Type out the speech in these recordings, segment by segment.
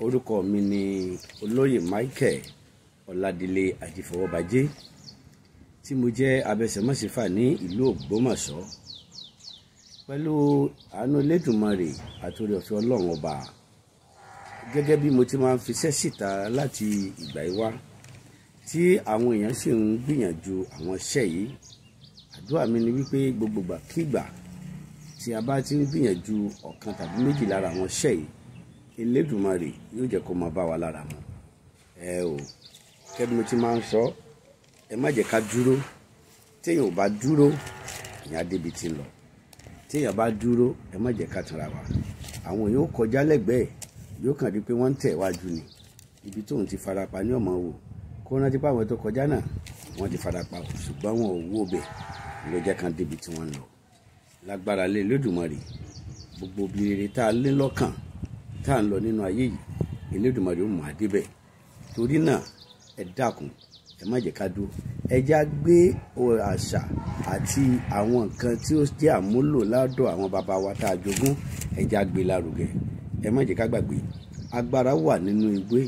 orúkọ mi ni olóyè Michael Ọládélé Ajífọwọ́bajé tí mo jẹ́ abẹsẹ̀mọ́sífà ní ìlú Ògbómọ̀ṣọ́ pẹ̀lú àánú Elédùmarè àtòrí ọ̀fẹ́ Ọlọ́run ọba gẹ́gẹ́ bí mo ti máa ń fiṣẹ́ síta láti ìgbà yìí wá tí àwọn èèyàn sì ń gbìyànjú àwọn iṣẹ́ yìí àdúrà mi ni wípé gbogbogbà kígbà tí a bá ti ń gbìyànjú ọ̀kan tàbí méjì lára àwọn iṣẹ́ yìí elédùnmarè yóò jẹ́ kó máa bá wa lára mu ẹ o kẹ́bí mo ti máa ń sọ ẹ má jẹ́ ká dúró téèyàn ò bá dúró èèyàn débi tí lọ téèyàn bá dúró ẹ má jẹ́ ká tanra wa àwọn yóò kọjá lẹ́gbẹ̀ẹ́ yóò kàn rí pé wọ́n ń tẹ̀ wájú ni ibi tóun ti farapa ní ọ̀mọ́ wò kó rántí pé àwọn tó kọjá náà wọ́n ti farapa ṣùgbọ́n wọn ò wó bẹ̀ ló jẹ́ kan débi tí wọ́n lọ lágbára lé lódùmarè gbogbo obìnrin tá a lé lọ́kàn tá à ń lọ nínú ayé yìí Elédùmarè ó mú a débẹ̀ torí náà ẹ dákun ẹ má jẹ́ ká dúró ẹ já gbé àṣà àti àwọn nǹkan tí ó jẹ́ àmúlò ládọ̀ àwọn bàbá wa tá a jogún ẹ já gbé lárugẹ ẹ má jẹ́ ká gbàgbé agbára wà nínú ewé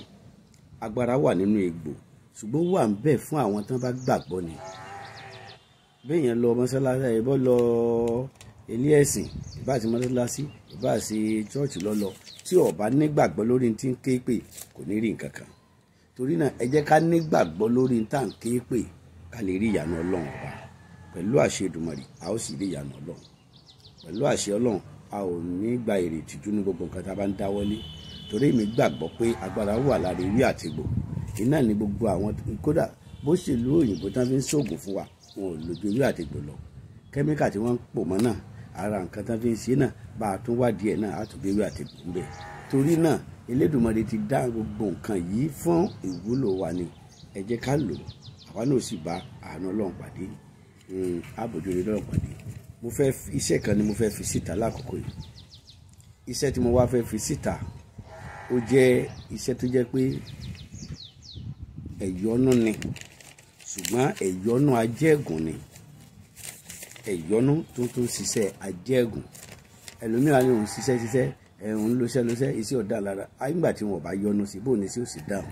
agbára wà nínú egbò ṣùgbọ́n wà ń bẹ fún àwọn tán bá gbàgbọ́ ni bẹ́ẹ̀ yẹn lọ mọ́sálásí ẹ̀ bọ́ lọ ilé ẹ̀sìn ìbá àti mọ́tòlásí ìbá àti chọ́ọ̀chì lọ́lọ́ tí ó bá nígbàgbọ́ lórí tí ń ké pè kò ní rí nǹkan kan torí náà ẹ jẹ́ ká nígbàgbọ́ lórí tá à ń ké pè ká lè rí ìyanu ọlọ́run ọba pẹ̀lú àṣẹ Èdùmàrè a ó sì rí ìyanu ọlọ́run pẹ̀lú àṣẹ ọlọ́run a ò ní gba èrè ìtìjú gbogbo nǹkan tá a bá ń dáwọ́lé torí mi gbàgbọ́ pé agbára wà lára ewé àtegbò iná ní gbogbo àwọn kódà bó ṣèlú òyìnbó tán fi ń ṣoògùn fún wa wọn ò lòdì ewé àtegbò lọ kẹ́míkà tí wọ́n ń pò mọ́ náà ara nǹkan tán fi ń ṣe náà bá a tún wádìí ẹ̀ náà àtúbẹ̀wé àtẹ̀gbẹ̀ ń bẹ̀ torí náà Elédùmarè ti dá gbogbo nǹkan yìí fún ìwúlò wa ni ẹ jẹ́ ká lò àwa náà sì bá àánú Ọlọ́run pàdé àbójúre hmm, Ọlọ́run pàdé mo fẹ́ iṣẹ́ kan ni mo fẹ́ fi síta lákòókò yìí iṣẹ́ tí mo wá fẹ́ fi síta ó jẹ́ iṣẹ́ tó jẹ́ pé ẹ̀yọ́nú ni ṣùgbọ́n ẹ̀yọ́nú ajẹ́gùn ni ẹ̀yọ́nú tó tún ṣiṣẹ́ ajẹ́gùn ẹlòmíràn ni òun ṣiṣẹ́ ṣiṣẹ́ ẹ̀hún lóṣẹ́ lóṣẹ́ iṣẹ́ ọ̀dà lára nígbà tí wọn ò bá yọnu sí bóun ní sí òsì dáhùn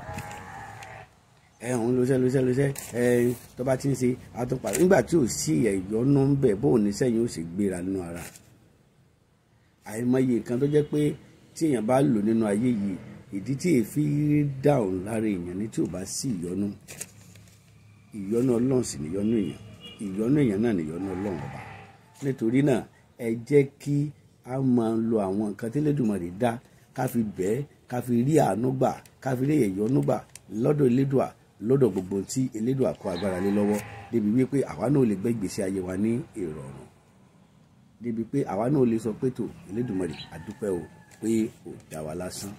ẹ̀hún lóṣẹ́ lóṣẹ́ lóṣẹ́ ẹ̀hún tó bá ti ń ṣe àtúpà nígbà tí ò sí ẹ̀yọ́nú ń bẹ̀ bóun ní sẹ́yìn ó sì gbéra nínú ara àìmọye nǹkan tó jẹ́ pé tí èèyàn bá lò nínú ayé yìí ìdí tí èéfín dáhùn lára èèyàn ni tí ò bá sí ìyọnu ìyọnu ọlọ́run sì níyọnu èèyàn ìyọ́nú èèyàn náà nìyọ́nú ọlọ́run ọba nítorí náà ẹ jẹ́ kí a máa lo àwọn nǹkan tí Elédùmarè dá ká fi bẹ́ẹ̀ ká fi rí àánú gbà ká fi rí ìyọ́nú gbà lọ́dọ̀ Elédùà lọ́dọ̀ gbogbo tí Elédùà kó agbára lé lọ́wọ́ débi wípé àwa náà lè gbé ìgbésí ayé wa ní ìrọ̀rùn débi pé àwa náà lè sọ pé tó Elédùmarè àdúpẹ́ o pé ò dá wa lásán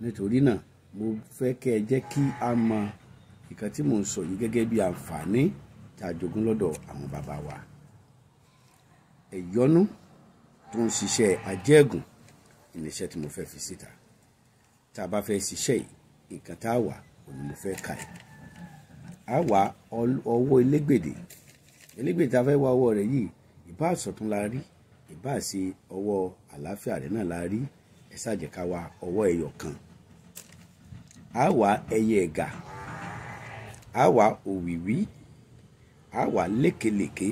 nítorí náà mo fẹ́ kẹ́ ẹ jẹ́ kí a mọ ìkan mò ń sọ yìí gẹ́gẹ́ bí àǹfààní tá a jogún lọ́dọ̀ àwọn bàbá wa ẹ̀yọ́nú tó ń ṣiṣẹ́ ajẹ́gùn ìníṣẹ́ tí mo fẹ́ fi síta tá a bá fẹ́ ṣiṣẹ́ yìí nǹkan tá a wà òní mo fẹ́ kà ẹ́ a wà ọwọ́ elégbèdè elégbèdè tá a fẹ́ wá ọwọ́ rẹ̀ yìí ìbá àsọ̀tún la rí ìbá àṣe ọwọ́ àlàáfíà rẹ̀ náà la rí ẹ ṣàjẹ́ ká wá ọwọ́ ẹyọ kan a wà ẹyẹ ẹ̀gà a wà òwìwí á wà lékelèké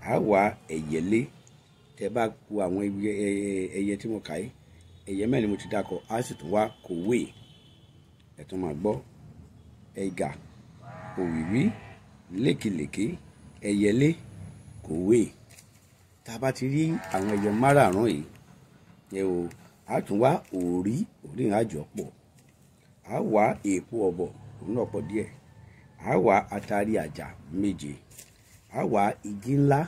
á wà ẹ̀yẹlé tẹ bá ku àwọn ẹyẹ tí mo kà yìí ẹyẹ mẹ́rin mo ti dákọ á sì tún wá kòwé ẹ tún máa gbọ́ ẹ̀gà òwìwí lékelèké ẹ̀yẹlé kòwé tá a bá ti rí àwọn ẹyẹ márààrún yìí ẹ o á tún wá òrí òrí ìrìn àjọ pọ̀ á wá èèpo ọ̀bọ̀ òun náà pọ̀ díẹ̀ a wá atari àjà méje a wá igi ńlá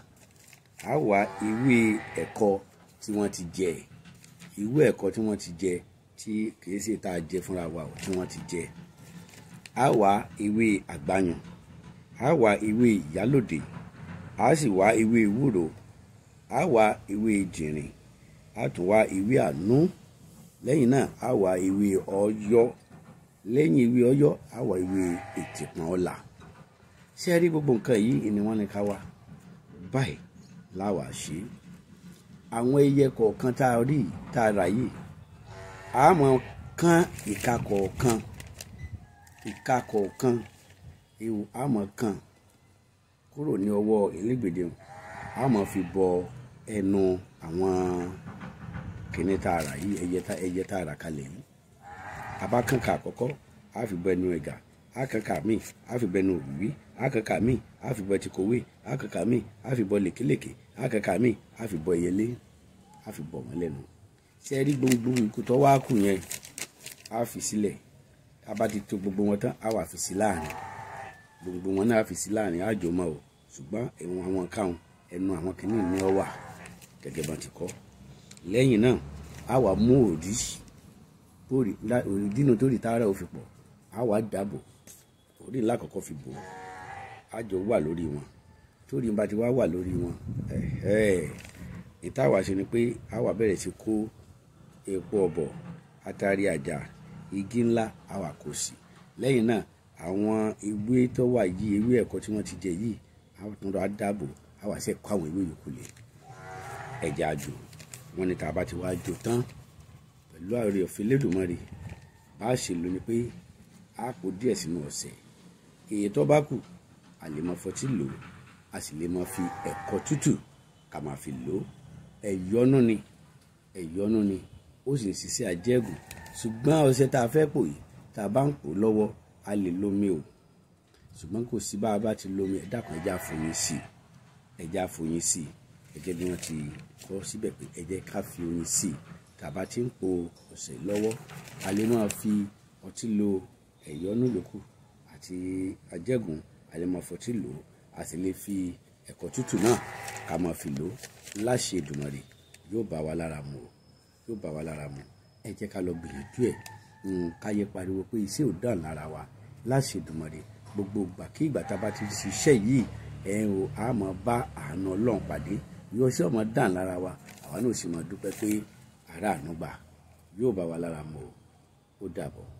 a wá ewé ẹ̀kọ tí wọ́n ti jẹ ewé ẹ̀kọ tí wọ́n ti jẹ tí kìí ṣe tá a jẹ fúnra wa ò tí wọ́n ti jẹ a wá ewé àgbáyàn a wá ewé ìyálòdè a sì wá ewé ewúro a wá ewé jìnrìn a tún wá ewé àánú lẹ́yìn náà a wá ewé ọ̀yọ́ lẹ́yìn ìwé ọyọ́ àwọ̀ ìwé ètìpọ̀n ọ̀la ṣé ẹ rí gbogbo nǹkan yìí ni wọ́n ní ká wá báyìí láwa ṣe àwọn ẹyẹ kọ̀ọ̀kan tá a rí tá a rà yìí a mọ̀ kán ìka kọ̀ọ̀kan ìka kọ̀ọ̀kan ihò a mọ̀ kán kúrò ní ọwọ́ elégbèdè a mọ̀ fi bọ ẹnu àwọn kìnìún rà yìí ẹyẹ tá a rà kalẹ̀ yìí àbá kànkà àkọ́kọ́ á fi bọ ẹnu ẹ̀gà á kànkà míì á fi bọ ẹnu òwìwí á kànkà míì á fi bọ tìkọ̀wé á kànkà míì á fi bọ lèkèlèkè á kànkà míì á fi bọ ìyẹlé á fi bọ wọn lẹ́nu ṣe rí gbogbo ikú tó wá kù yẹn á fi a bá fi sí láàrin gbogbo wọn náà fi sí láàrin á jọ o ṣùgbọ́n ẹ̀wọ̀n àwọn káwọn ẹnu àwọn kìnnìún ni ọ wà gẹ́gẹ́ bá ti kọ́ lẹ́yìn náà á wà mú òdì òrìdínà tó rí tààrà ò fi pọ̀ á wàá dàbò orí ńlá kọ̀ọ̀kan fi bò á jọ wà lórí wọn torí bá ti wá wà lórí wọn ìtawà ṣe ni pé á wà bẹ̀rẹ̀ sí kó epo ọ̀bọ̀ atari àjà igi ńlá á wà kó sí lẹ́yìn náà àwọn ewé tó wà yìí ewé ẹ̀kọ́ tí wọ́n ti jẹ yìí á tún lọ á dàbò á wà sẹ́kọ̀ọ́ àwọn ewé yòókù lé ẹ̀jẹ̀ àjò wọn ni tàbá ti wá jò tán pẹ̀lú àárẹ̀ ọ̀fẹ́ lẹ́dùnmọ́rì bá a ṣe lò ní pé a kó díẹ̀ sínú ọ̀sẹ̀ èyí tó bá kù a lè máa fọtí lò a sì lè máa fi ẹ̀kọ tútù ká máa fi lò ẹ̀yọ́nú ni ẹ̀yọ́nú ni ó sì ń ṣiṣẹ́ àjẹ́gùn ṣùgbọ́n ọṣẹ tá a fẹ́ pò yìí tá a bá ń pò lọ́wọ́ a lè lómi o ṣùgbọ́n kò sí bá a bá ti lómi ẹ̀dá ẹja foyín sí i ẹja foyín sí i gẹ́gẹ́ bí wọ́n ti kọ́ síbẹ̀ pé ẹ jẹ́ ká fi oyin sí i tàbá tí ń po ọ̀sẹ̀ lọ́wọ́ a lè máa fi ọtí lo ẹ̀yọ́nú yòókù àti ajẹ́gùn a lè máa fọtí lò ó a sì lè fi ẹ̀kọ́ tútù náà ká máa fi lò ó láṣẹ Èdùmàrè yóò bá wa lára mu o yóò bá wa lára mu ẹ jẹ́ ká lọ gbìyànjú ẹ̀ hmm, ká yẹ pariwo pé iṣẹ́ ò dàn lára wa láṣẹ Èdùmàrè gbogbo ìgbà kí ìgbà tá a bá ti ṣiṣẹ́ yìí ẹ o a máa bá àánú Ọlọ́run pàdé yóò ṣe ọmọ dàn lára wa àwa náà sì máa dúpẹ́ pé aráàánú gbà yóò bá wa lára mu ó dàbọ̀.